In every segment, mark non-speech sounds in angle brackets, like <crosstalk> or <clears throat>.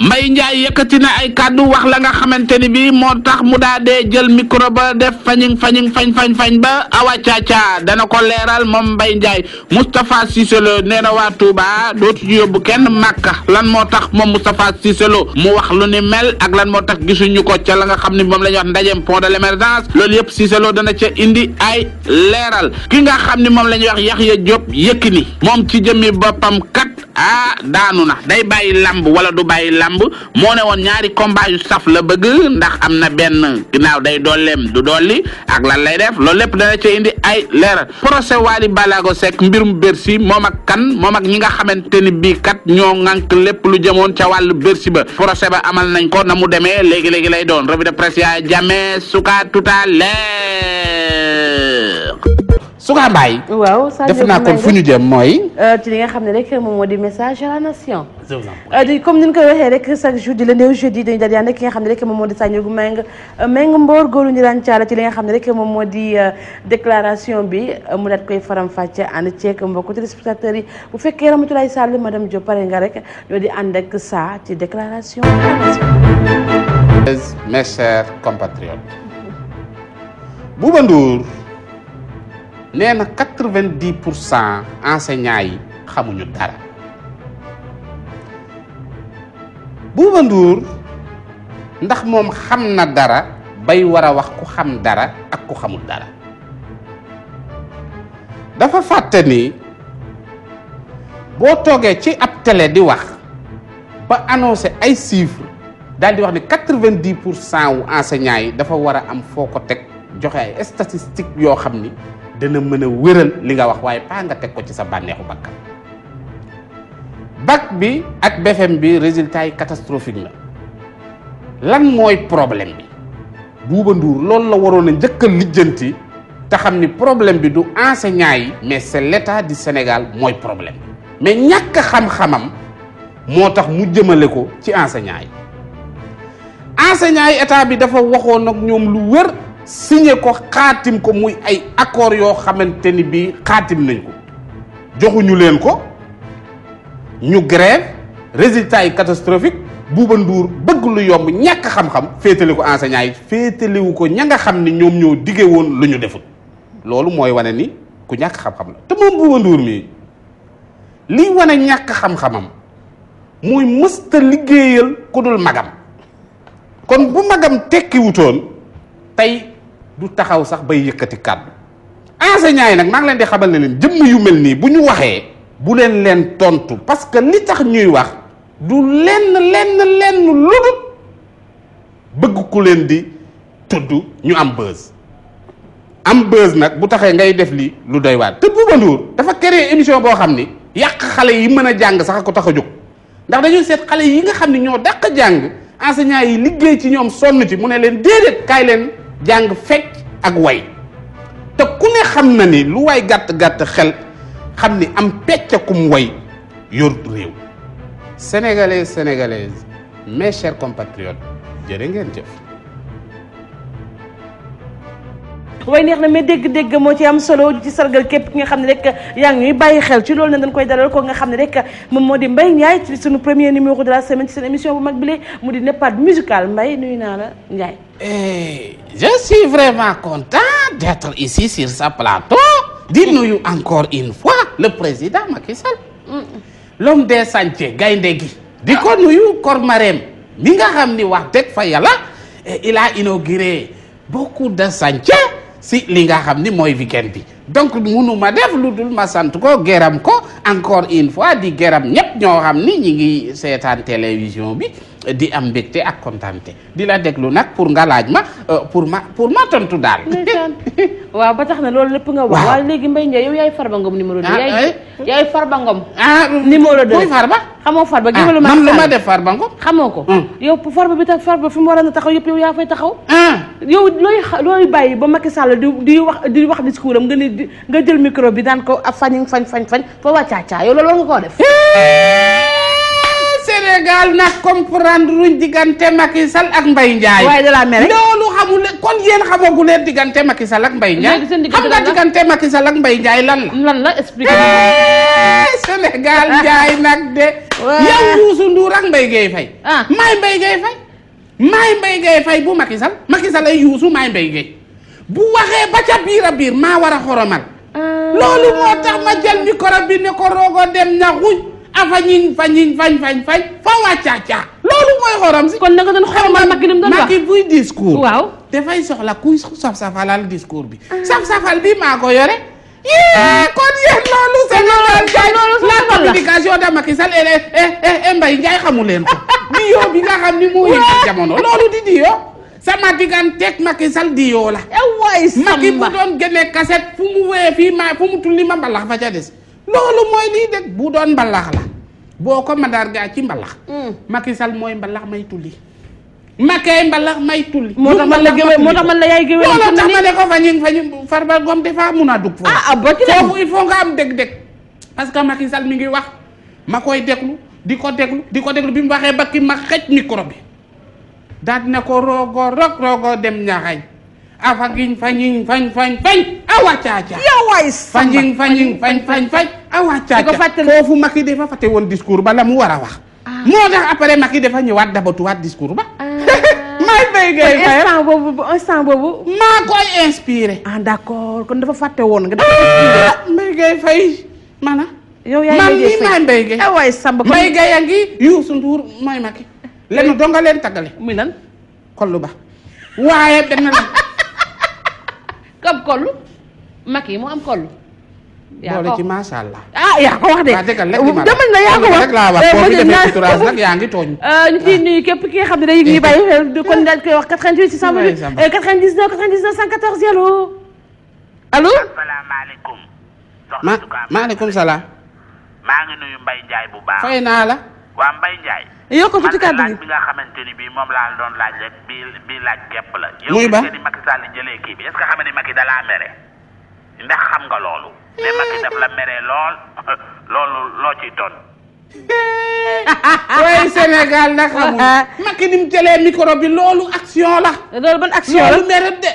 Mbaye Ndiaye yëkkati na ay kàddu wax la nga xamante ni bi moo tax mu daa dee jël micro ba def fañing fañing fañ fañ fañ ba awa caaca dana ko leeral moom Mbaye Ndiaye Moustapha Cissé Lo nee na waa Touba dootu ñu yóbbu kenn Màkka lan moo tax moom Moustapha Cissé Lo mu wax lu ni mel ak lan moo tax gisuñu ko ca la nga xam ne moom la ñuy wax ndajeem pont de l'émergence loolu yëpp Cissé Lo dana ca indi ay leeral ki nga xam ne moom la ñuy wax Yaxya Diop Yékini moom ci jëmmi boppam kat ah daanu na day bàyyi lamb wala du bàyyi lamb moo ne woon ñaari combat yu saf la bëgg ndax am na benn ginnaaw day dolleem du dolli ak la lay def loolu lépp dana ci indi ay leer procès Wally Ballago Seck mbirum Bercy moom ak kan moom ak ñi nga xamante ni bii kat ñoo ŋànk lépp lu jëmoon ca wàllu Bercy ba procès ba amal nañ ko na mu demee léegi-léegi lay doon revue de presse yaa jàmme suka tuta leer Soukha Mbaye. waaw def naa kon fu ñu jëm mooy. Euh, ci li nga xam ne rek moom moo di message à la nation. Euh, di comme ni ñu koy waxee rek chaque jour di lundi au jeudi dañu daal di a ak ki nga xam ne rek moom moo di Sadio Meng euh, Meng Mbor góorlu ñu daan ci li nga xam ne rek moom moo di déclaration bi mu daat koy faram-fàcce ànd ceeg mbokku téléspectateurs yi bu fekkee Ramatoulaye saal madame Diop pare nga rek ñoo di ànd ak saa ci déclaration. mes chers nee na quatre-vingt-dix pour cent enseignants yi xamuñu dara Bouba Ndour ndax moom xam na dara bay war a wax ku xam dara ak ku xamul dara dafa fàtte ni boo toogee ci ab tele di wax ba annoncé ay chiffres daal di wax ni quatre vingt pour cent wu yi dafa war a am foo ko teg joxe ay statistiques yoo xam ni dana mën a wéral li nga wax waaye paa nga teg ko ci sa bànneexu bakkan bac bi ak BFEM bi résultat yi catastrophique la lan mooy problème bi loolu la waroon a njëkk lijjanti te xam ni problème bi du enseignant yi mais c'est l'état du Sénégal mooy problème mais ñàkk xam-xamam moo tax mu jëmale ko ci enseignant yi enseignant yi état bi dafa waxoon ak ñoom lu wër signé ko xaatim ko muy ay accord yoo xamante ni bii xaatim nañ ko joxuñu leen ko ñu grève résultat yi catastrophique Bouba Ndour bëgg lu yomb ñàkk xam-xam féetali ko enseignant yi féetaliwu ko ña nga xam ni ñoom ñoo diggee woon lu ñu deful loolu mooy wane ni ku ñàkk xam-xam la te moom Bouba Ndour mii liy wane ñàkk xam-xamam muy mësta liggéeyal ku dul magam kon bu magam tekkiwutoon tey du taxaw sax bay yëkkati kàddu enseignants yi nag maa ngi leen di xamal na leen jëmm yu mel nii bu ñu waxee bu leen leen tontu parce que li tax ñuy wax du lenn lenn lenn ludul bëgg ku leen di tudd ñu am buzz am buzz nag bu taxee ngay def li lu doy waar te Bouba Ndour dafa créer émission boo xam ni yàq xale yi mën a jàng sax ko tax a jóg ndax dañuy seet xale yi nga xam ni ñoo dàq jàng enseignants yi liggéey ci ñoom sonn ci mu ne leen déedéet kaay leen jàng fekk ak way te ku ne xam na ni lu way gàtt-gàtt xel xam ni am peccakum way yor réew sénégalais sénégalaise mes cher compatriotes jërë ngeen jëf way neex na mais dégg-dégg moo ci am solo ci sargal képp ki nga xam ne rek yaa ngi ñuy bàyyi xel ci loolu na dañ koy dalal ko nga xam ne rek moom moo di mbay Ndiaye ci suñu premier numéro de la semaine ci seen émission bu mag bi lee mu di Nepad musical Mbaye nuyu naa la Ndiaye Hey, eh, je suis vraiment content d'être ici sur ce plateau di nuyu encore une fois le président Macky Sall mm. l'homme de chantiers gaynde gi di ko nuyu kor mareem mi nga xam ni wax dëgg fa yàlla eh, il a inauguré beaucoup de chantiers si li nga xam ni mooy weekend bi donc munuma def lu dul ma sant ko geram ko encore une fois di gërëm ñëpp ñoo xam ni ñi ngi seetaan télévision bi di am mbégte ak kontaante di la déglu nag pour nga laaj ma euh, pour ma pour ma tontu daal. waaw ba tax na loolu lépp nga wax. waaw léegi Mbaye Ndiaye yow yaay ba Ngom numéro 2. Ah, yaay eh? yaay Farba Ngom. ah numéro 2 muy Farba. xamoo Farba ah, gëmalu ma. man lu ba def xamoo ko. Hmm. yow Farba bi tax Farba fi mu waroon a taxaw yëpp yow yaa fay taxaw. Ah. yow looy looy bàyyi ba Macky Sall di di wax di wax discours am nga ni nga jël micro bi daan ko fañ fañ fañ fañ fa wàccaa caa yow loolu koo def. Eh. Sénégal nag comprendre luñ diggante Macky ak Mbaye Ndiaye. waaye de la mere loolu xamul kon yéen xamagu leen diggante Macky Sall ak Mbaye Ndiaye. xam nga diggante Macky Sall ak la. la expliqué eh, Sénégal Ndiaye nag de. yow Youssou Ndour ak Mbaye Gueye Faye. ah maay Mbaye Gueye Faye. maay Mbaye bu Macky Sall Macky Sall ay Youssou maay Mbaye Gueye bu waxee ba ca biir a biir maa war a xoromal. Ah. loolu moo tax ma jël micro bi ne ko roogo dem na xuj. afañin fañin fañ fañ fañ fa wàccaaca loolu mooy xorom si. kon naka doon xoromal Macky li mu doon wax Macky buy discours. waaw dafay soxla kuy saf-safalal discours bi. Ah. saf-safal bi maa ko yore. yee ah. kon yéen loolu. Sénégal jaay la communication de xamu leen ko. diyo <laughs> bi nga xam ni moo yëngal jamono loolu di diyo. sama digganteeg Macky Sall diyo la. Eh waay Samba Macky bu doon génne kaset fu mu wee fii ma fu mu tulli ma mbalax fa ca des. loolu mooy lii dëgg bu doon mbalax la boo ko mandargaa ci mbalax. Mm. Macky Sall mooy mbalax may tulli. Macky mbalax may tulli. moo tax man la géwél moo tax man la yaay géwél. loolu tax ma ne ko fa ñu fa ñu Farba Ngom dafa mun a dugg. ah ah ba ci foofu il faut nga am dëgg-dëgg. parce que Macky Sall mi ngi wax ma koy déglu di ko déglu di ko déglu bi mu waxee ba ki ma xëj micro bi. daal dina ko roogoo roog roogoo dem ñaxañ afa giñ fañiñ fañ fañ fañ awa caaca. yow waay samba fañiñ fañiñ fañ fañ fañ. awa ah, caaca foofu de dafa fàtte woon discours ba la mu war a wax. Ah. moo tax après Macky dafa ñëwaat dabatuwaat discours ba. Ah. <laughs> may fay ngay fay instant boobu kon dafa fàtte woon nga. dafa inspiré mana yow yaa ngi mbay man mii mbay Samba kon mbay yaa ngi Youssou Ndour may Macky. la <laughs> dong nga leen tàggale. muy nan kollu ba. waaye benn la. <laughs> comme kollu Macky moo am kollu. yaa ci macha allah. ah yaa ko wax de. waaw dëgg la na yaa ko wax. ma jël nag yaa ngi tooñ. ñu ciy nuyu képp ki nga xam ne day ñu bàyyi xel kon daal koy wax 88 628 99 99 114 allo. allo. asalaamaaleykum. ma maaleykum salaam. maa ngi nuyu Mbaye Ndiaye bu baax. naa la. waa Mbaye Ndiaye. yokk xamante ni bii moom laa doon laaj laaj képp la. muy ba yow nga ni Macky Sall jëlee kii bi est-ce que xam nga dalaa ndax xam nga loolu mais Macky daf la mere lool loolu loo ciy doon. waaye Sénégal nag xamul. <laughs> Macky ni mu jëlee micro bi loolu action la. loolu ban action la loolu mere de.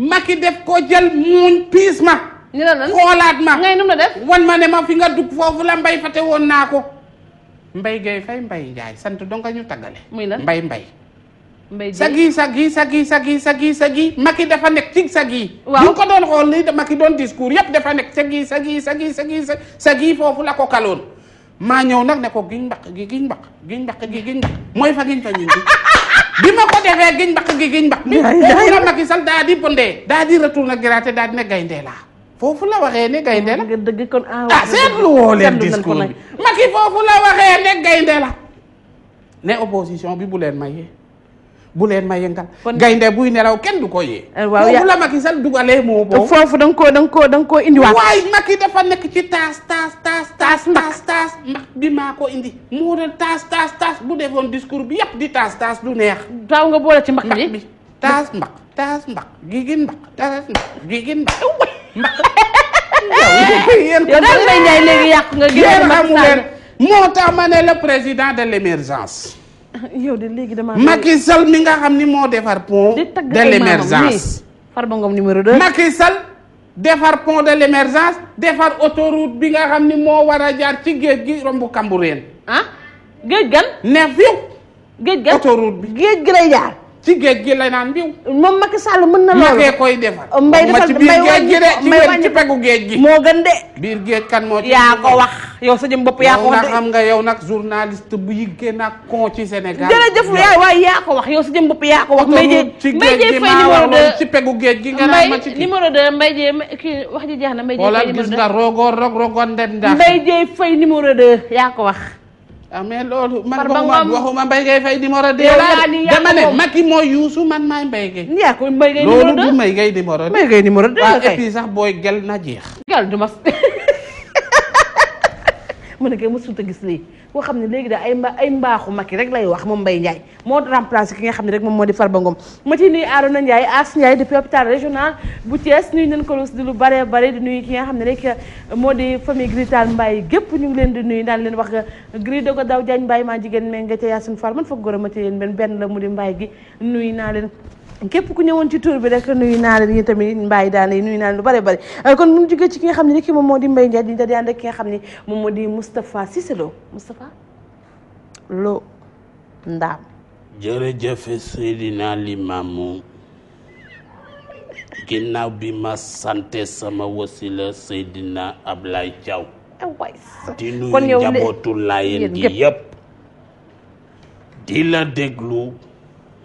Macky def ko jël muuñ piis ma. ñu la lan xoolaat ma def. wan ma ne ma fi nga dugg foofu la mbay te woon naa ko. mbay gay fay mbay njaay sant donga ñu taggale. muy lan mbay mbay. mbay sag yi sag yi sag yi sag yi sag yi sag yi dafa nekk ci sag yi. waaw bu ko doon xool dama ki doon discours yëpp dafa nekk sag yi sag yi sag yi sag yi sag foofu la ko kaloon maa ñëw nag ne ko giñ mbaq gi giñ mbaq giñ mbaq gi mooy fa giñ fa ñun <laughs> bi ma ko defee giñ mbaq gi giñ mbaq. jaay foofu la Macky Sall di bondee. daa di retourné graté daa di ne gayndee laa foofu la waxee ne gaynde la dëgg kon ah, ah seetlu woo leen discours bi Macky foofu la waxee gaynde la ne opposition bi bu leen may bu leen ma yëngal. gaynde buy nelaw kenn du ko yee. Euh, waaw yaa la Macky Sall dugalee moo boobu. foofu da nga koo da nga koo da nga koo indiwaat. waaye Macky dafa nekk ci taas taas taas. taas taas taas bi maa ko indi. moo doon taas taas taas bu defoon discours bi yëpp di taas taas du neex. daaw nga boole ci mbaq bi taas mbaq taas mbaq gigin mbaq taas mbaq gigin mbaq mbaq. yéen yow daal Mbaye Ndiaye léegi yàq nga. gën a moo tax ma ne le président de l' émergence. <laughs> yow de léegi damaa. Macky Sall mi nga xam ni moo defar pont. de l'émergence Farba Ngom numéro 2. Macky Sall defar pont de defar autoroute bi nga xam ni moo war a jaar ci géej gi romb Cambérène. ah géej gan. neef yëpp. géej gan autoroute bi géej gi lay jaar. ci géej gi la naan biw. moom Macky mën na loolu ma koy defar. mbay defal mbay wàññi ci biir ci peggu géej gi. moo gën biir géej kan moo ci. yaa ko wax yow bopp yaa ko wax de. yow nag journaliste bu yi gën ko wax yow sa jëm bopp wax. mbay jee ci géej gi maa waroon ci peggu géej gi nga naan ma ci. numéro 2 mbay jee kii wax ji jeex na. mbay jee fay numéro 2 mbay jee fay numéro 2 yaa ko wax ah mais loolu. man waxuma waxuma Mbaye Gueye Faye numéro 2. dama ne Macky mooy Youssou man maay Mbaye Gueye. loolu du Mbaye Gueye numéro 2. Mbaye Gueye sax booy gel na jeex. <laughs> mu ne kay mësut a gis lii boo xam ne léegi daal ay mba ay mbaaxu Macky rek lay wax moom mbay Ndiaye moo remplacé ki nga xam ne rek moom moo di Farba Ngom ma ciy nuyu Arona Ndiaye As Ndiaye depuis hôpital bare bare di nuyu ki nga xam ne rek moo di famille Grital Mbaye gépp ñu ngi leen di nuyu daan leen wax gri dogo daw Diagne Mbaye maa jigéen mais nga ca Yacine Fall man foog góor a ma ci yéen benn la mu di Mbaye gi nuyu naa leen képp ku ñëwoon ci tour bi rek nuyu naa leen yéen tamit mbaay daan yi nuyu naa leen lu bare bare euh, kon mu jógee ci ki nga xam ne rek moom moo di Mbaye Ndiaye di xam ne moom moo di Moustapha Cissé Lo Moustapha bi ma sante sama wasila Seydina Ablaye Thiaw ah, di nuyu yépp di la déglu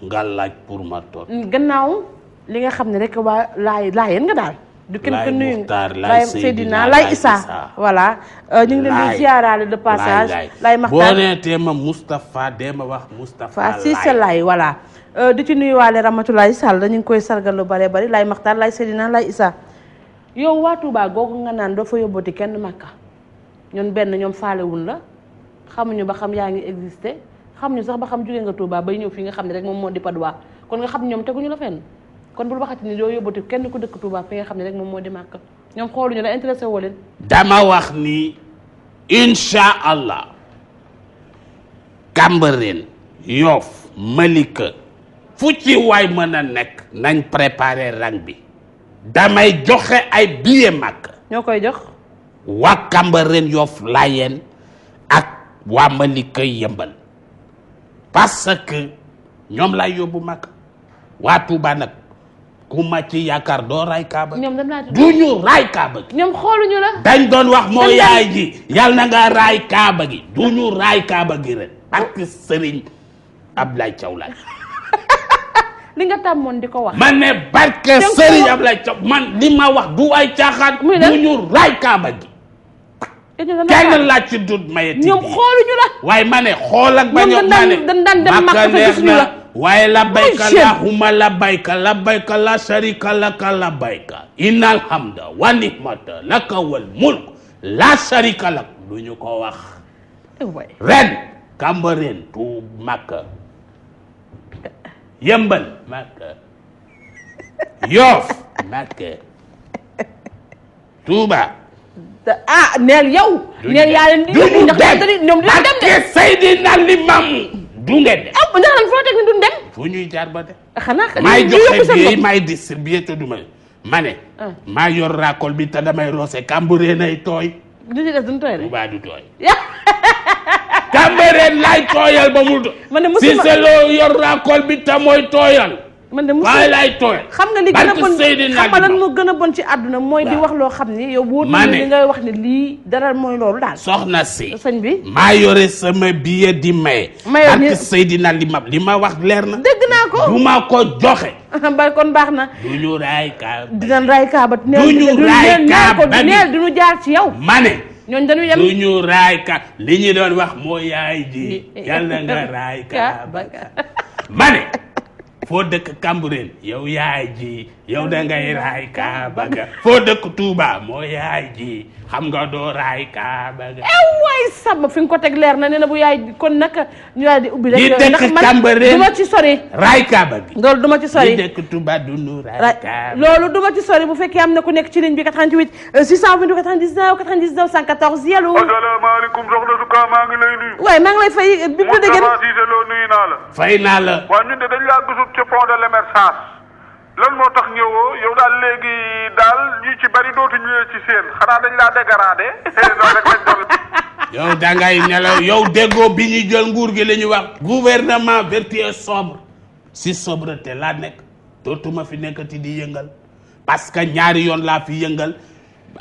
nga pour ma gannaaw li nga xam ne rek waa laay laayeen nga daal. du kenn ko nuyu laay Seydina laay Issa voilà euh, ñu ngi leen di de passage. laay Maxtaar boo nee teema Moustapha deema wax Moustapha Cissé laay voilà. Euh, di ci nuyuwaale Ramatoulaye Sall ñu ngi koy sargal lu bare bari laay Maxtaar laay Seydina laay Issa yow waa Touba googu nga naan doo fa yóbbooti kenn Makka ñun benn ñoom faalewul la xamuñu ba xam yaa ngi existé. xam ñu sax ba xam jóge nga Touba bay ñëw fii nga xam ne rek moom moo di Padois kon nga xam ñoom teguñu la fenn kon bul waxati ni doo yóbbati kenn ku dëkk Touba fi nga xam ne rek moom moo di Màkka ñoom xooluñu la intéressé woo leen dama wax ni incha waay mën a nekk nañ préparer rang bi damay joxe ay billet Màkka ñoo koy jox waa Cambérène Yoff Layeen ak waa Malika yëmbal parce que ñoom laay yóbbu mag waa Touba nag ku ma ci yaakaar doo raay kaaba ñoom dem naa du ñu gi doon wax moo yaay ji yàlla na kaaba gi du ñu raay kaaba gi ren parce que Serigne Ablaye Thiaw <laughs> nga tàmmoon di ko wax. man ne barke Serigne Ablaye Thiaw man li wax du ay ca muy du ñu raay kaaba gi. kaay na laaj ci dut maye tiit ñoom xooluñu la waaye ma ne xool ak bañ ma ne dañ daan dem màkk te gisuñu la waaye labbayka laahumma la sharika laka labbayka innal hamda wa nihmata laka wal mulk la sharika lak du ñu ko wax ren Cambérène tu màkka yëmbal màkka yoof màkka tuuba ah neel yow. neel yaa leen di. duñu dem ndax ñoom duñu dem de. ak Seydina Limamou. du ngeen de. ah ndax nag foo teg ni duñu dem. foo ñuy jaar ba de. xanaa maay joxe bii maay distribué te du ma ma ne. Ah. maa yor racole bi te damay roose Cambérène nay tooy. du ñu def duñu tooy rek. bu du tooy. Cambérène laay tooyal ba mu. <laughs> man de musuma si yor racole bi te mooy tooyal. man de mu waaye laay tooy xam nga li gën a bon xam gën a bon ci àdduna mooy di wax loo xam ni yow wóor na li ngay wax ni lii dara mooy loolu daal soxna si sëñ bi maa yore sama bi di maye maye Seydina li ma li ma wax leer na dëgg naa ko bu ma ko <laughs> kon baax na du ñu raay kaaba dinañ jaar ci yow ma ne ñooñu dañuy ñu raay ka li ñu doon wax moo yaay ji yàlla nga raay ka <laughs> ba ma ne <laughs> foo dëkk Cambérène yow yaay ji yow da ngay raay kaaba ga foo dëkk Touba moo yaay ji xam nga doo raay kaaba ga. eh waay sàmm fi nga ko teg leer na ne bu yaay kon naka ñu daal di ubbi rek. yow ndax man du ma ci sori. raay kaaba gi ci sori. di dëkk Touba du nu raay kaaba loolu du ma ci sori bu fekk am na ku nekk ci ligne bi 88 628 99 99 114 yàlla. asalaamaaleykum soxna Souka maa ngi lay nuyu. waay maa ngi lay fay. bi mu dëgg Moustapha Cissé naa la. fay naa la. waaw ñun de dañu laa gisul ci pont de l'Emergence. lan moo tax ñëwoo yow daal léegi daal ñu ci bari dootuñu la ci seen xanaa dañ laa dégradé. <laughs> Eh, yow da nelaw yow déggoo bi ñuy jël nguur gi la ñu wax. gouvernement vertueux sobre si sobreté laa nekk dootuma fi nekkati di yëngal parce que ñaari yoon laa fi yëngal.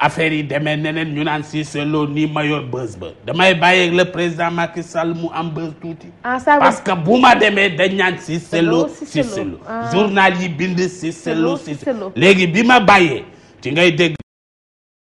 affaire yi demee neneen ñu naan si selon ni ma yor ba damay bàyyeeg le président Macky Sall mu am bës tuuti. Ah, parce que bu ma demee dañ ñaan si sello si sello ah. journal yi bind si sello si sello léegi bi ma bàyyee ci ngay dégg.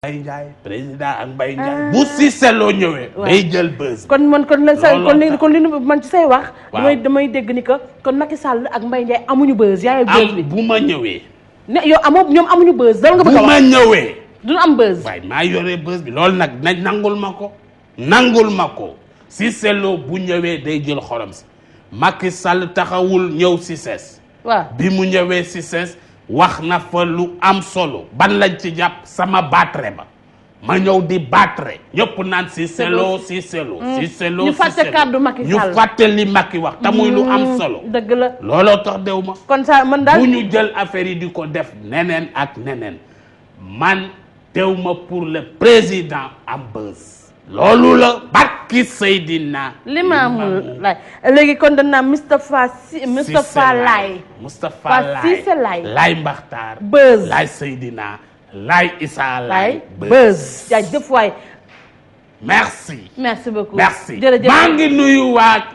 Mbaye Ndiaye président ak Mbaye Ndiaye ah. bu si sello ñëwee. day jël bës. kon man kon la sa kon léegi kon li man ci say wax. damay damay ni que kon Macky Sall ak mbay Ndiaye amuñu bës. yaay bës bi bu ma ñëwee. ne yow amoo ñoom amuñu bës. dal nga bëgg a wax bu ma ñëwee. du am buzz. waaye maa yore buzz bi loolu nag nañ nangul ma ko nangul ma ko si Cissé bu ñëwee day jël xorom si Macky Sall taxawul ñëw si ses bi mu ñëwee si ses wax na fa lu am solo ban lañ ci jàpp sama battre ba ma ñëw di battre ñëpp naan si selo si selo mm. si selo ñu fàtte ñu fàtte li Macky wax te lu am mm. solo dëgg looloo tax dew ma kon sa man daal bu ñu jël affaire yi di ko def neneen ak neneen man teew ma pour le président am bës loolu la barki Seydina Limaamu Laay léegi kon danaa Moustapha si Moustapha Laay Seydina Laay Issa Laay bës jaay jëf waay merci beaucoup merci jërëjëf maa ngi nuyu waat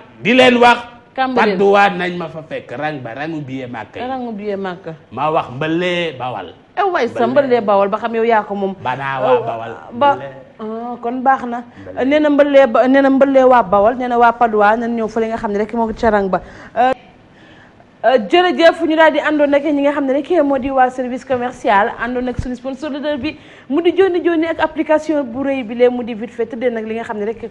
wax Cambérène fàttuwaat nañ ma fa fekk rang ba rangu biye màkk rangu biye màkk ma wax mbalee bawal ew eh, way sa mbëllee bawal ba xam yow yaa ko moom banaa waa eh, ba ah, kon baax na eh, nee na mbëllee ba nee na mbëllee waa bawal nee na waa paduwaa nan ñëw fële nga xam ne rek moo carang ba jërëjëf ñu daal di àndoon nag ñi nga xam ne rek moo di waa service commercial àndoon nag suñu sponsor bi mu di joni joni ak application bu rëy bi lee mu di vite fait tëddee nag li nga xam ne rek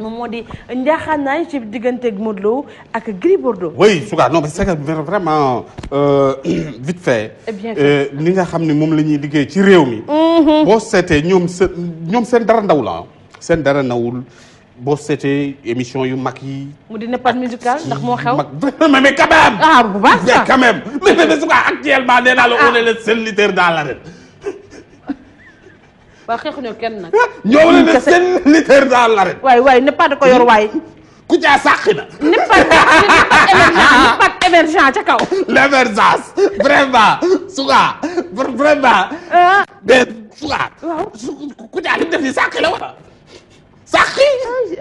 moom moo di njaaxaanaay ci digganteeg Modou Lo ak Gris Bordeaux. oui Souga non c'est vraiment euh, <clears throat> vite fait. Eh euh, li nga xam ne moom la ñuy liggéey ci réew mi. Mm-hmm. boo seetee ñoom seen ñoom seen dara ndaw la ah. seen dara ndawul boo seetee émission yu mag yi. mu di Nepad musical ndax moo xew. mais <laughs> mais quand même. ah bu baax mais quand même mais mais Souga actuellement nee naa la on est le seul leader dans l'arène waa xeexuñoo kenn nag. Eh, ñoo leen ne seen daal la rek. waay waay ne pas ko yor waay. ku caa sàqi na. ne pas ne pas émergent ca kaw. l' émergence vraiment suga vraiment. Euh. ku caa li def ni sàqi la wala. sàqi.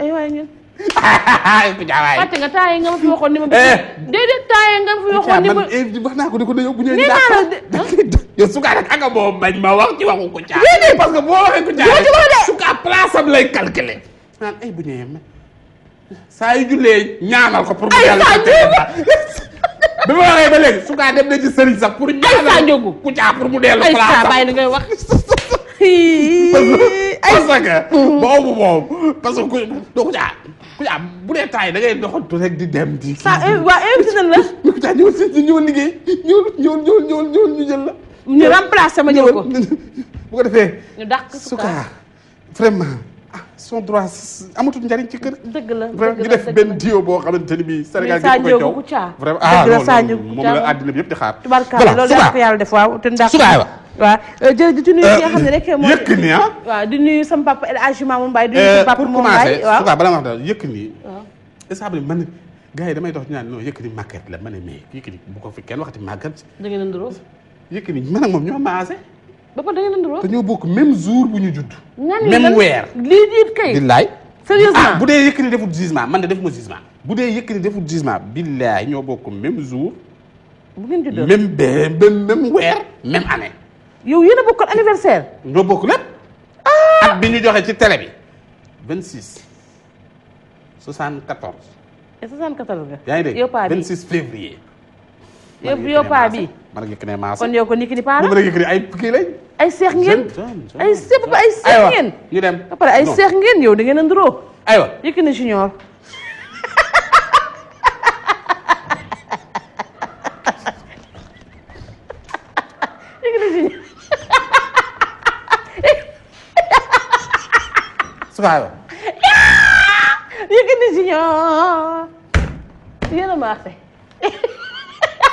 aywa ñun. fàtte nga taayee nga ma fi waxoon ni ma. Eh. déedéet taayee nga ma fi waxoon ni ma. Eh, wax naa ko ni ko yow bu ñëwee. nee naa <laughs> ma wax ci waxu Kouthia. boo waxee Kouthia rek sukaa place am lay calculer. Eh, ko pour. mu yàlla <laughs> bi ma waxee ba léegi sukaa dem na ci sëriñ sax pour. ñaanal Kouthia pour mu dellu place am ay saa bàyyi ngay wax. <laughs> parce que boobu moom parce que ku caa ku caa bu dee taay da ngay doxantu rek di dem di. saa waa invité nañ la. ku caa ñëwal si ñëwal liggéey ñëwal ñëwal ñëwal ñëwal ñu jël la. ñu remplacer ma jël ko bu ko defee. ñu dàq sukaar vraiment. ah son droit amatul njariñ ci kër. dëgg la dëgg la ñu def benn diwo boo xamante ni bii. Sénégal gi ñu koy coow vraiment ah loolu moom la àddina bi yëpp di xaar. tubarkaale loolu yàlla ko yàlla def waaw te ndax. waa jërëjëf euh, di nuyu ki euh, ah. di nuyu sama papa El Hadj Mamoun Mbaye di nuyu euh, sama papa Mamoun Mbaye pour commencer su bala ma wax daal Yékini. waaw est-ce que man damay dox ñu naan non Yékini màgget la ma ne mais Yékini bu ko fi kenn waxati màgget. da ngeen a nduroo. Yékini man ak moom ñoo maase. ba pare a nduroo. te ñoo bokk même jour bu ñu judd. même weer lii diit kay. billaay. Ah, bu dee Yékini defut jugement man de defuma jugement. bu dee Yékini defut jugement billaay ñoo bokk même jour. bu ngeen juddoo même benn même weer même yow yéen a bokkal anniversaire. ñoo bokk lépp. Ah! at bi ñu joxe ci télé bi. 26. 74. et 74 yow paa bi 26 février. yow yow paa bi mën nga keneen maas kon yow ko niki ni paara. ngeen ay seex ngeen. aywa dem ba pare ay seex ngeen yow da ngeen a nduroo. aywa yëkkati na Soukaayoo. Yékini Junior yéen a maafe.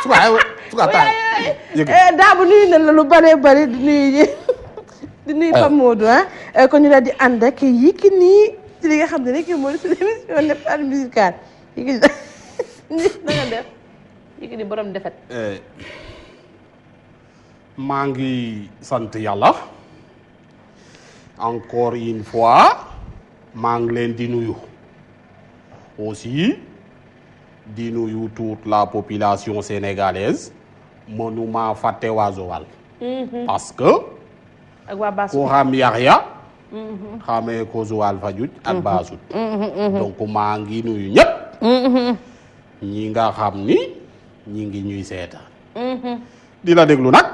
Soukaayoo Soukaataay. daabu nuyu na la lu bëree bëri di nuyu ñi di nuyu Pape Modou ah. Eh, kon ñu daal di ànd ak Yékini ci li nga xam ne rek moo di seen ne musicale Yékini da <laughs> nga def Yékini borom defet. Eh, maa ngi sant yàlla encore une fois. maa ngi leen di nuyu aussi di nuyu toute la population sénégalaise mënuma fàtte waa Joal mhm. parce que ku xam Yaxya xamee ko Joal Fadiouth ak mhm. Basout mhm, donc maa ngi nuyu ñëpp ñi nga xam ni ñi ngi ñuy seetaan di la déglu nag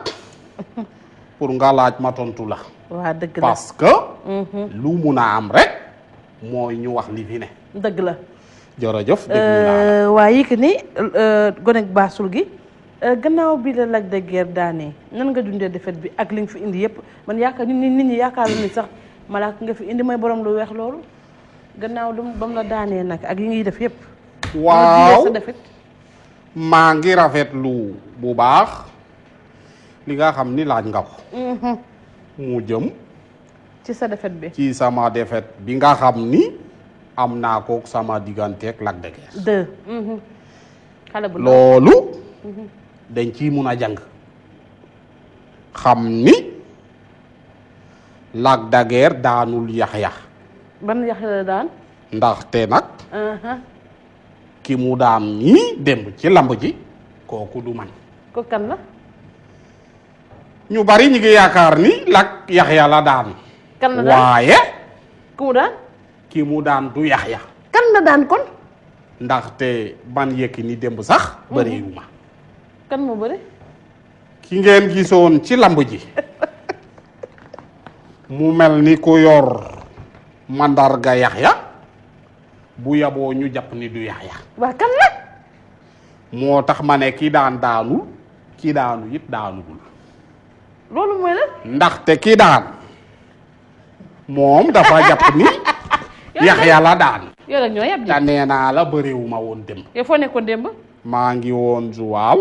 <laughs> pour nga laaj ma tontu la parce que lu mun am rek mooy ñu wax li fi ne. dëgg la. jërëjëf déglu naa la euh, waaye Yékini euh, gone baasul gi. Euh, gannaaw bi la Lac de Guiers nan nga dundee défaite bi ak li nga fi indi yëpp man yaakaar nit nit ñi yaakaar ni sax malaak nga fi indi mooy borom lu weex loolu gannaaw lu ba la daanee nag ak yi ngiy def yëpp. waaw sa défaite maa ngi rafet rafetlu bu baax li nga xam ni laaj nga mhm. mu jëm. ci sa defet bi ci sama defet bi nga xam ni am naa ko sama digganteeg Lac de Guiers. Mhm. loolu. Mhm. dañ ci mun a jàng. xam ni Lac de daanul Yaxya. ban Yaxya daan. ndaxte nag. ki mu daan nii démb ci lamb ji kooku du man. ko kan la. ñu bari ñu ngi yaakaar ni Lac Yaxya la daan. kan la daan waaye. ku mu daan. ki mu daan du yax-yax. kan la daan kon. ndaxte ban yëkki ni démb sax. Mhm. bëriwu ma. kan moo bëri. ki ngeen gisoon ci lamb ji. <laughs> mu mel ni ku yor mandarga yax ya bu yaboo ñu jàpp ni du yax-yax. waa kan la. moo tax ma ne ki daan daanul ki daanu yëpp daanuwul. loolu mooy la. ndaxte ki daan. moom dafa jàpp ni. <laughs> yax yàlla daan. yow nag ñoo yab ñu. te nee naa la bëriwuma woon démb. yow foo nekkoon démb. maa ngi woon Joal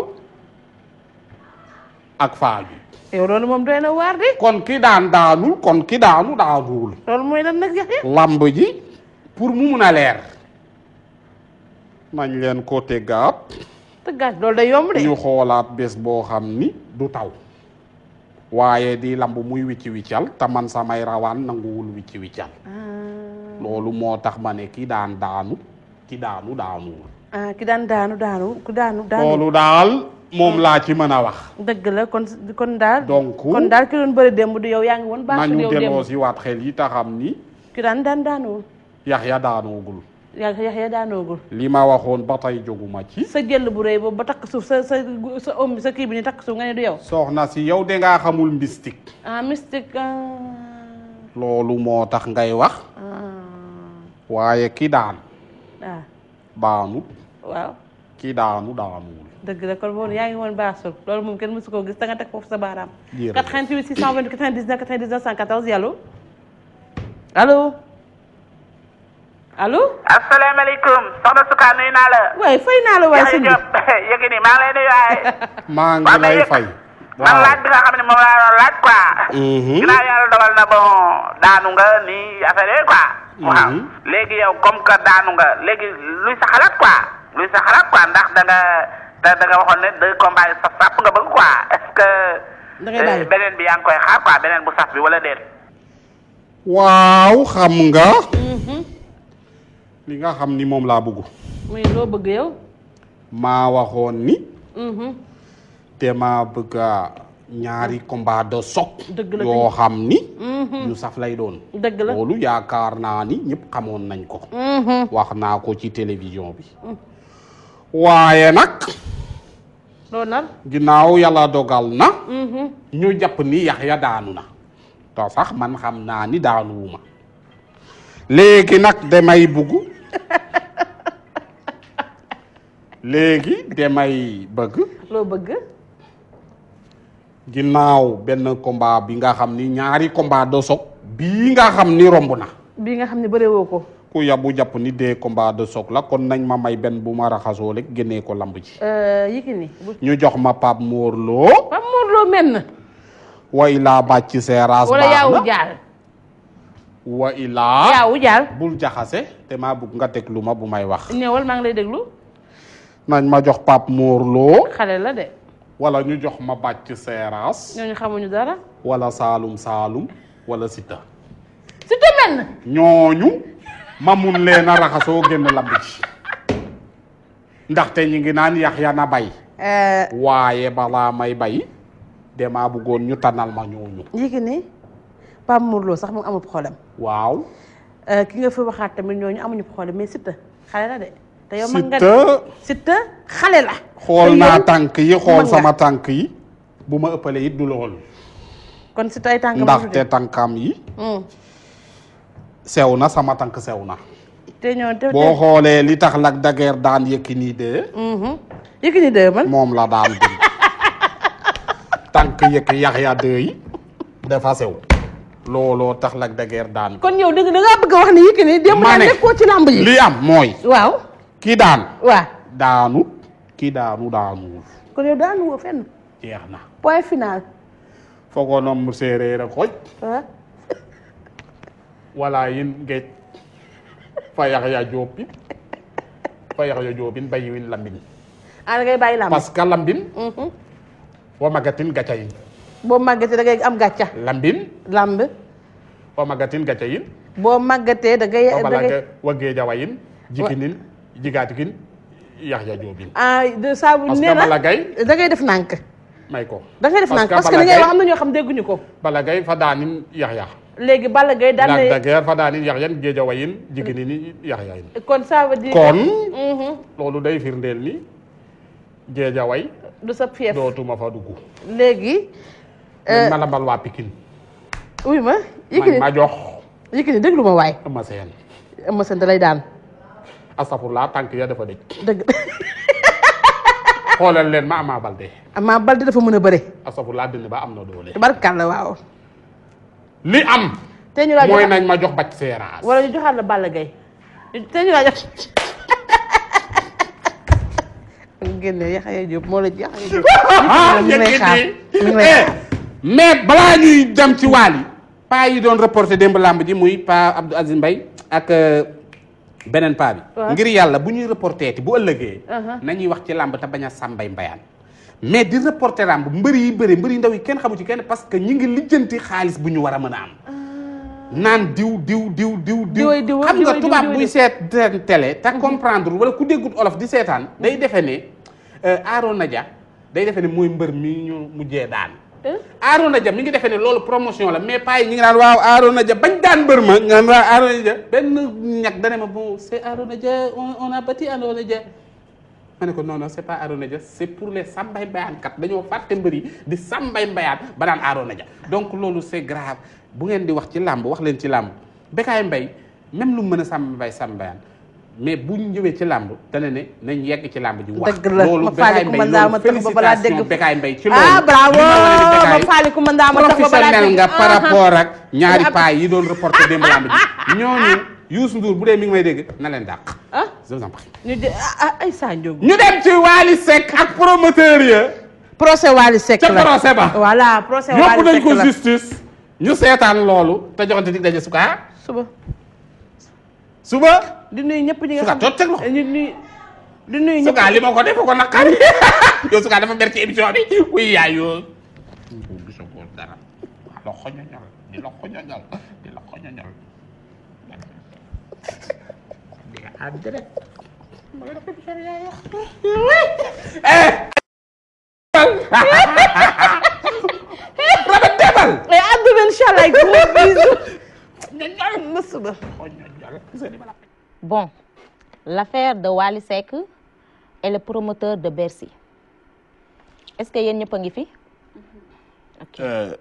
ak Faal bi. yow loolu moom doy na waar de. kon ki daan daanul kon ki daanu daanuwul. lamb ji pour mu mun a leer. nañ leen ko tëggaat. tëggaat loolu yomb de. ñu xoolaat bés boo xam ni du taw. waaye di lamb muy wicci wiccal te man samay rawaan nanguwul wicci wiccal ah. loolu moo tax ma ne kii daan daanu ki daanu daanuwul ah, ki daan daanu daanu ku daanu loolu daal moom ah. laa ci mën a wax dëgg la kon daal donc kon daal ki doon bëri démb du yow yaa ngi woon baax nañu delloo waat xel yi taxam ni ki daan daan daanuwul yax ya yàlla yaxya daanoogul li ma waxoon ba tey jóguma ci sa jël bu rëy boobu ba takk suuf sa sa sa om sa kii bi ni takk suuf nga ne du yow soxna si yow de ngaa xamul mystique ah mystique loolu moo tax ngay wax waaye kii daan ah daanut waaw ki daanu daanuwul dëgg la kon boobu yaa ngi woon baasul loolu moom kenn mësu koo gis da nga teg foofu sa baaraam 88 628 99 99 114 yàlla allo allo. asalaamaaleykum soxna Souka nuyu naa la. waay fay naa la waay sëñ bi <laughs> yëg ni maa ngi lay nuyu waaye. <laughs> maa ngi lay fay. xam ne moom laa mhm. na bon nga nii affaire yooyu quoi. Mhm. waaw léegi yow comme que daanu nga léegi luy sa xalaat quoi luy sa xalaat ndax da da nga waxoon ne deux combats yi saf sàpp nga bëgg quoi est-ce que. da ngay bàyyi eh, beneen bi yaa ngi koy xaar quoi bu saf bi wala déet. li nga xam ni moom laa bëgg. muy loo bëgg yow. maa waxoon ni. Mhm. te maa bëgg ñaari combat de soq. dëgg la yoo xam ni. Mhm. ñu saf lay doon. dëgg la loolu yaakaar naa ni ñëpp xamoon nañ ko. Mhm. wax naa ko ci télévision bi. waaye nag. loolu nag. ginnaaw dogal na. ñu jàpp ni Yaxya daanu na. te sax man xam naa ni daanuwuma. léegi nag damay bugg. léegi damay bëgg. loo bëgg. ginnaaw benn combat bi nga xam ni ñaari combat de soog. bii nga xam ni romb na. bii nga xam ni bëree woo ko. ku yabu jàpp ni dee combat de soog la kon nañ ma may benn bu ma raxasoo rek génnee ko lamb ji. Euh, ñu jox ma Pape Mor Lo. Pape Mor way laa bàcc seeraas. baax na wala yaawu jaar. wa ilaa yaawu jaal bul jaxase te ma bugg nga teg ma bu may wax. néewal maa ngi lay déglu. nañ ma jox Pape Mor Lo. xale la de. wala ñu jox ma bàcc seeraas. ñooñu xamuñu dara. wala Saalum Saalum wala Sita. Sita men. ñooñu ma mun leen raxasoo génn lamb ci ndaxte ñu ngi naan Yaxya na bay. Eh. waaye balaa may bay damaa bëggoon ñu tanal ma ñooñu. yéegi ne Pape Mor sax mu amul problème. waaw. Euh, ki nga fi waxaat tamit ñooñu amuñu xoole mais Siteu xale la de. te yow mag xool naa tànk yi xool sama tànk yi. bu ma ëppale it du loolu. kon Siteu ay tànkam ndaxte tànkam yi. Hmm. sew na sama tànk sew na. te boo xoolee li tax Lac de daan Yékini de. Hmm. Yékini de man moom la daan dégg. <laughs> tànk yëkk Yaxya de yi dafa sew. looloo tax Lac de daan kon yow dëgg da ngaa bëgg a wax ne Yékini démb daa nekkoo ci làmb yi li am mooy waaw kii daan waaw daanu kii daanu daanuwul kon yow daanuwoo fenn jeex na point final foogoo noom a xooj wala yin géej fa yax ya jóopin fa yax ya jóopin bayiwin lambin a lambin mhm. wa magatin gacayin boo màggatee da ngay am gàcca lambin lamb boo maggatin gàcca yin boo màggatee dangay ngay da ngay waggee jawayin jikinin jigaatikin yax ya joobin ah saa bu nee na da ngay def nànk may ko da def nànk parce que li ngay am na ñoo xam dégguñu ko bala gay fa daanin yax ya léegi bala gay daan na fa daanin yax yan géej wayin jigéen ni yax kon ça veut dire loolu day firndeel ni géej way du sa fief dootuma fa dugg léegi Euh, ma labal waa Pikine. uy ma Yékini ma jox. Yékini déglu ma waay. a Sène. Eumeu Sène da lay daan. astafurlaa tànk ya dafa dëj. dëgg. <laughs> xoolal leen ma Ama Baldé. Ama Baldé dafa mën a bëre. laa dina ba am na doole. tubarkàlla waaw. li am. te ñu laa jox mooy nañ ma jox bàcc séeraas. wala ñu joxaat la Balla Gaye te ñu <laughs> <laughs> mais balaa ñuy dem ci waal yi paa yi doon reporté démb làmb ji muy paa Abdou Aziz mbay ak euh, beneen paa bi. ngir yàlla bu ñuy reporté te bu ëllëgee. Uh-huh. nañuy wax ci làmb te bañ a sàmbay mbayaan mais di reporté làmb mbër yi bëri mbër yi ndaw yi kenn xamu ci kenn parce que ñi ngi lijjanti xaalis bu ñu war a mën a am. Ah. naan diw diw diw diw diw xam nga tubaab buy seet télé te uh-huh. comprendre wala ku déggut olof di seetaan day uh-huh. defe ne euh, Aaron Nadia day defe ne mooy mbër mi ñu mujjee daan Arona Dia mi ngi defee ne loolu promotion la mais paa yi ñu ngi naan waaw Arona Dia bañ daan mbër ma ñu naan waaw Arona Dia benn ñag dane ma bon c' est Arona Dia on a bâti Arona ja ma ne ko non non c' est pas Arona ja c' est pour les sambay mbayaan kat dañoo fàtte mbër yi di sambay mbayaan ba naan Arona ja donc loolu c' est grave bu ngeen di wax ci làmb wax leen ci làmb Bécaye mbay même lu mën a sàmm mbay sàmm mais bu ñëwee ci làmb dana ne nañ yegg ci làmb ji wax loolu Bekaay Mbaye loolu félicitation Bekaay Mbaye ci ah, loolu ah bravo ma faali ku ma ndaama tax ba balaa professionnel nga par ah, ah. rapport ak ñaari paa yi doon reporté démb làmb ji ñooñu Youssou Ndour bu dee mi ngi may dégg na leen dàq ah je saa Ndiogou ñu dem ci Wally sek ak promoteur ya procès Wally sek la ca procès ba voilà procès Wally Seck justice ñu seetaan loolu te joxante dig daje suka suba suba. di nuyu ñëpp ñi nga xam ne teg loxo di nuyu ko def ko naqari <laughs> yow yoo gisagoo dara la xoñoñal di la xoñoñal di la xoñoñal di mës bon l'affaire de Wally Seck et le promoteur de Bercy est-ce que yéen ñëpp a ngi fi ok euh,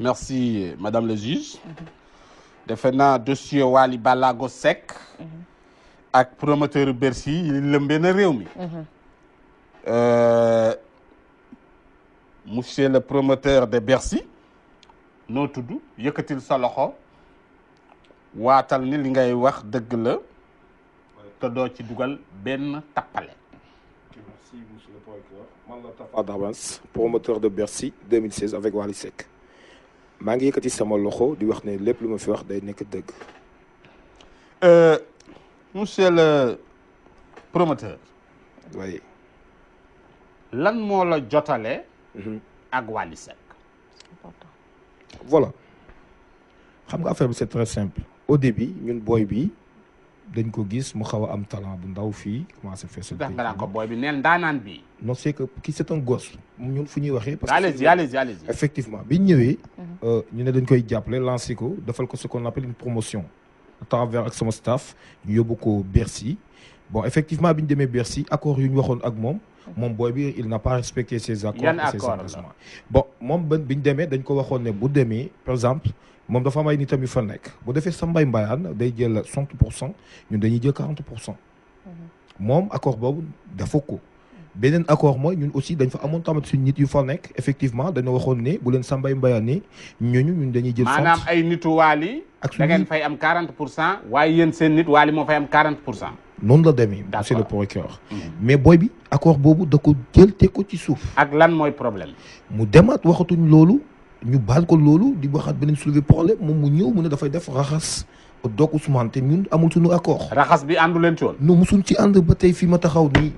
merci madame le juge defe dossier Wally Ballago Seck ak promoteur Bercy yi lëmbee réew mi euh, monsieur le promoteur de Bercy noo tudd yëkkatil sa loxo waatal ni li ngay wax dëgg la te doo ci dugal benn tappale merci monsieur le procureur man la Tafa Dabas promoteur de Bercy avec Wally maa ngi yëkkati sama loxo di wax ne lépp lu ma fi wax day nekk dëgg euh, monsieur le promoteur lan moo la jotale mhm. ak Wally voilà xam nga affaire bi c'est très simple au début ñun booy bi dañ ko gis mu xaw a am talent bu ndaw fii commencé fees. su tax nga ko booy bi neen daanaan bi. non c' est que kii c' est un gosse ñun fu ñuy waxee. parce que allez-y bi ñu ñëwee. Mhm. Euh, ñu ne dañ koy jàppale lancé ko defal ko ce qu'on appelle une promotion. à travers ak sama staff ñu yóbbu ko Bercy effectivement bi ñu demee Bercy accord yu ñu waxoon ak moom. Mhm. moom booy bi il n'a pas respecté ses accords. yan accords ses engagements bon moom benn bi ñu demee dañ ko waxoon ne bu deme par exemple. moom dafa am ay nitam yu fa nekk bu defee sa mbay mbayaan day jël 60 pour cent ñun dañuy jël 40 pour cent moom accord boobu dafa ko beneen accord mooy ñun aussi dañ fa amoon tamit suñu nit yu fa nekk effectivement dañoo waxoon ne bu leen sa mbay mbayaan ni ñooñu ñun dañuy jël maanaam ay nitu waali ak da fay am 40 pour cent waaye yéen seen nit waali moo fay am 40 pour cent noonu la demee monsieur le procureur mm-hmm. mais booy bi accord boobu da ko jël te ko ci suuf ak lan mooy problème mu demaat waxatuñ loolu ñu baal ko loolu di waxaat beneen soulever problème moom mu ñëw mu ne dafay def raxas doog Ousmane te ñun amul suñu accord. raxas bi àndu leen ci woon. non ci ànd ba tey fii ma taxaw nii.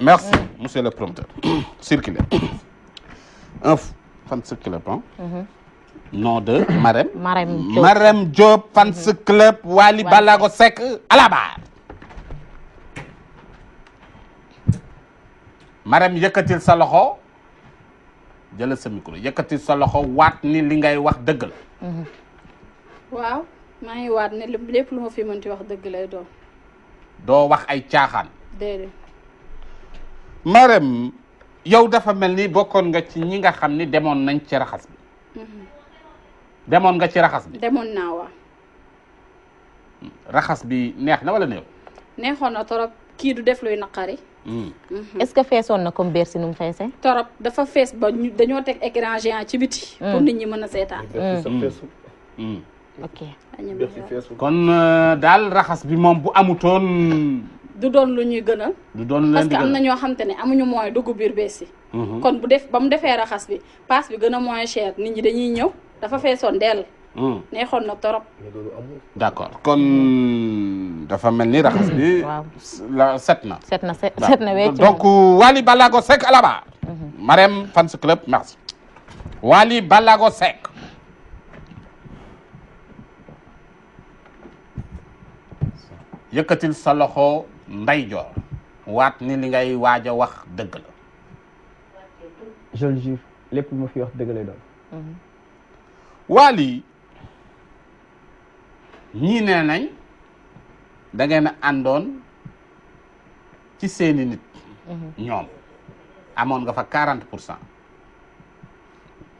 merci monsieur le prompteur. <coughs> circulez. <coughs> un fan circulez bon. Mm-hmm. nom de Marème. yëkkatil sa loxo. jëlal sa micro yëkkati sa loxo waat ni li ngay wax dëgg la. waaw maa ngi waat ne lépp lu ma fi mënti wax dëgg lay doon. doo wax ay caaxaan. déedéet. yow dafa mel ni bokkoon nga ci ñi nga xam ni demoon nañ ci raxas bi. Mhm. demoon nga ci raxas bi. demoon naa waaw. raxas bi neex na wala néew. neexoon na torop kii du def luy naqari. Mm-hmm. est-ce que feesoon na comme Bercy nu mu feesee. torop dafa fees ba ñu dañoo teg écran géant ci biti. Mm. pour nit mën a seetaan. Mm. Mm. ok. kon euh, daal raxas bi moom bu amutoon. du doon lu ñuy gënal. du doon parce am na ñoo xamante ne amuñu mooy dugg biir Bercy. Mm-hmm. kon bu def ba mu defee raxas bi paas bi gën a moins cher nit ñi dañuy ñëw dafa feesoon dell. Hmm. neexoon na torop. accord kon dafa mel ni raxas bi. Hmm. waaw la set na. set na set na wecc donc Wally Ballago Seck à la barre. Mhm. Marème fans club merci. Wally Ballago Seck. yëkkatil sa loxo ndeyjoor waat ni li ngay waaj a wax dëgg la. je le jure fi wax dëgg lay doon. ñii nee nañ da ngeen a àndoon ci seeni nit mhm. ñoom amoon nga fa quarante pour cent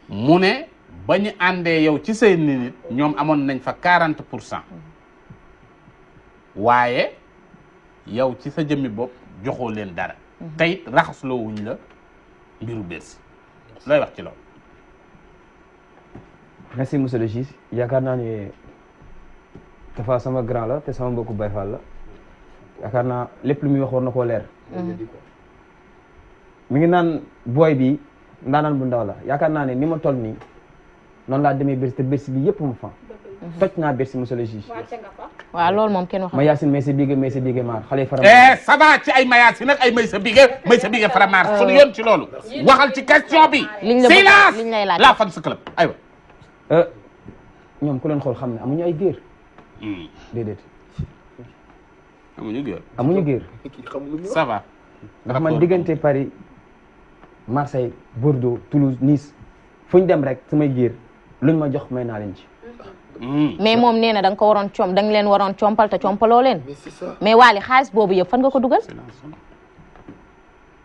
mu ne ba ñu àndee yow ci seeni nit ñoom amoon nañ fa quarante pour cent waaye yow ci sa jëmmi bopp joxoo leen dara mhm. tey raxasloo wuñ la mbiru Bercy looy wax ci loolu merci monsieur le juge yaakaar naa ne Tafa sama grand la te sama mbokku Baye Fall la yaakaar naa lépp lu muy wax war na koo leer. mi ngi naan booy bi ndaanaan bu ndaw la yaakaar naa ne ni ma toll nii noonu laa demee Bercy te bi yëpp ma fa. toj naa Bercy monsieur le juge. waaw loolu moom kenn wax. Mayasin may sa bige may sa bige maar xale faramaar. Eh, ça va ci ay Mayasin nag ay may sa bige may yoon ci loolu. waxal ci question bi. liñ la bëgg liñ lay laaj silence la fan sa euh, ñoom ku leen xool xam ne amuñu ay géer. Hmm. déedéet. amuñu géer amuñu géer. ça ndax man diggante Paris Marseille Bordeaux Toulouse Nice fuñ dem rek samay géer luñ ma jox may naa leen ci. Hmm. mais moom nee na da ko waroon coom da nga leen waroon compal te compaloo leen. mais waali xaalis boobu yëpp fan nga ko dugal.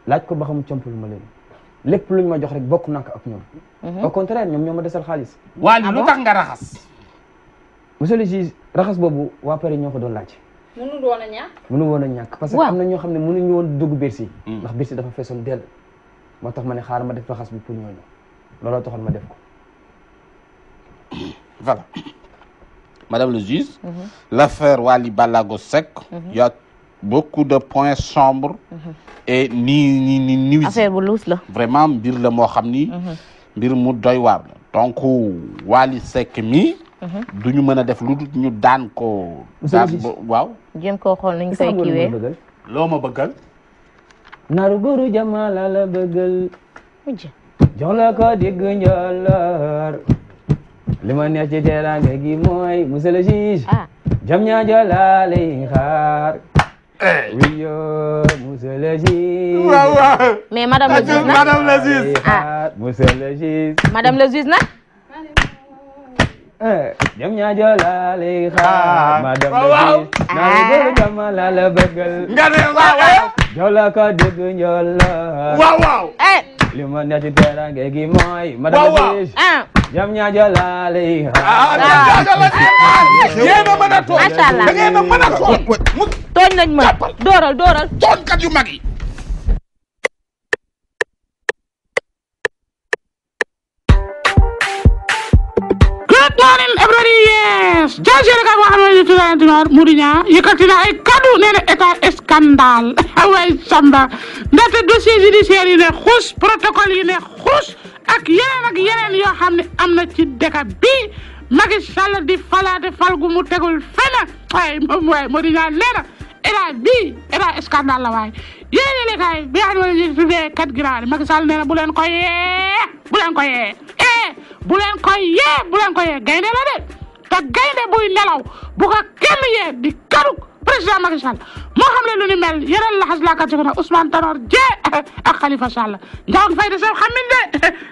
laaj ko ba xam compalu ma leen lépp luñ ma jox rek bokk naa ko ak ñoom. Mhm. au contraire ñoom ñoo ma desal xaalis. waali lu ah tax nga raxas. monsieur le juge raxas boobu waa Paris ñoo ko doon laaj. mënu woon a ñàkk. mu woon a ñàkk parce que am na ñoo xam ne mënuñu woon dugg Bercy. Hmm. ndax Bercy dafa feesoon dell. moo tax ma ne xaaral ma def raxas bi pour ñooñu looloo taxoon ma def ko. Hmm. voilà madame le juge. Mm -hmm. l' affaire Wally Ballago mhm. a beaucoup de points sombres. Mm -hmm. et nii nii nii nii. affaire la. moo xam ni. Mhm. mbir mu doy waar la donc Wally Seck mi. Mhm. du ñu mën a def lu dul ñu daan koo. daan waaw. jéem koo xool nañ koy kiiwee loo ma bëggal. naaru góoru jamaa la la bëggal. jox la ko digg njolloor. li neex ci teraanga gi mooy monsieur le ah. jam ñaajo laa lay xaar. Eh. oui yo mais madame le juge nag ñoom ñaa jëla li xaar ah. ma dem bi oh, na gël ah. dama la la bëggal nga ne waaw waaw joola ko dégg njoola waaw waaw eh. li ma ne ci teraange gi mooy ma dem bi ñoom ah. ñaa jëla li xaar yéen a mën a tooñ da ngeen a mën a tooñ tooñ nañ ma dooral dooral tooñkat yu mag yi Georges Ka wax na ci Laye Dinaar Mourina yëkkati na ay kaddu nee scandale <laughs> waaye Samba ndaxte dossier judiciaire ne xuus protocole yi ne ak yeneen ak yeneen yoo xam ne na ci dëkk bi Macky Sall di falaate fal gu mu tegul fenn waaye moom waaye Mourina bii état scandale la waaye yéen a lekkaay bi nga xam bu leen ko yee bu leen ko yee eh ko yee bu de. te gaynde buy nelaw bu ko kenn yee di karuk président Macky Sall moo xam ne lu ni mel yeneen laxas laa kat ci fan Ousmane Tanor Dieng ak Khalifa Sall njawon fay de seen xam min de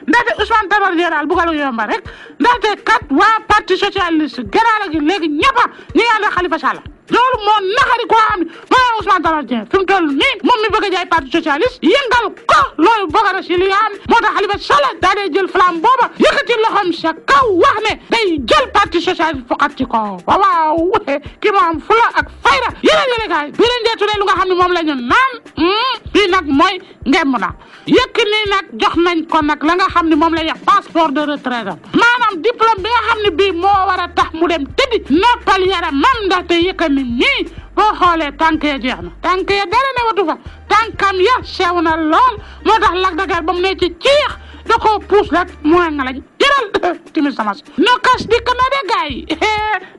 ndaxte Ousmane Tanor Dieng daal bugal yomba rek ndaxte kat waa parti socialiste gëraala gi léegi ñëppa ñi ngi ànd ak Khalifa Sall loolu moo naxari koo xam ne mooy Ousmane Tanor Dieng fi mu toll nii moom mi bëgg a jaay parti socialiste yëngal ko loolu bëgg na si li nga xam ne moo tax Khalifa Sall daa dee jël flamme booba yëkkati loxoom sa kaw wax ne day jël parti socialiste foqat ci ko waaw waaw <laughs> kii moo am fula ak fayda yeneen yeneen gars yi Mimi Ndeye lu nga xam ne moom la ñu naan hmm, lii nag mooy ngemb na Yékini nag jox nañ ko nag la nga xam ne moom la ñuy wax passeport de retraite maanaam diplôme bi nga xam ne bii moo war a tax mu dem tëddi noppal yaram mam ndaxte Yékini mii boo xoolee tànk ya jeex na tànk ya dara ne watu fa tànkam ya sew na lool moo tax Lac de Guiers ba mu ne ci ciix da koo puus mu nga lañ jëral <coughs> timi sama si no kas dikk na de gaay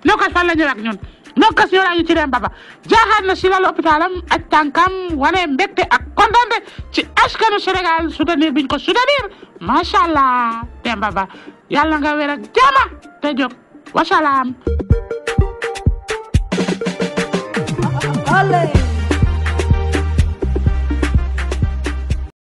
no kas ñun nokkas yoraaju ci Demba Ba jaaxaat na si lalu hôpitalam tànkam wane mbégte ak kontaan ci askanu Sénégal soutenir biñ ko soutenir macha allah Demba Ba yàlla nga wér te jóg wasalaam.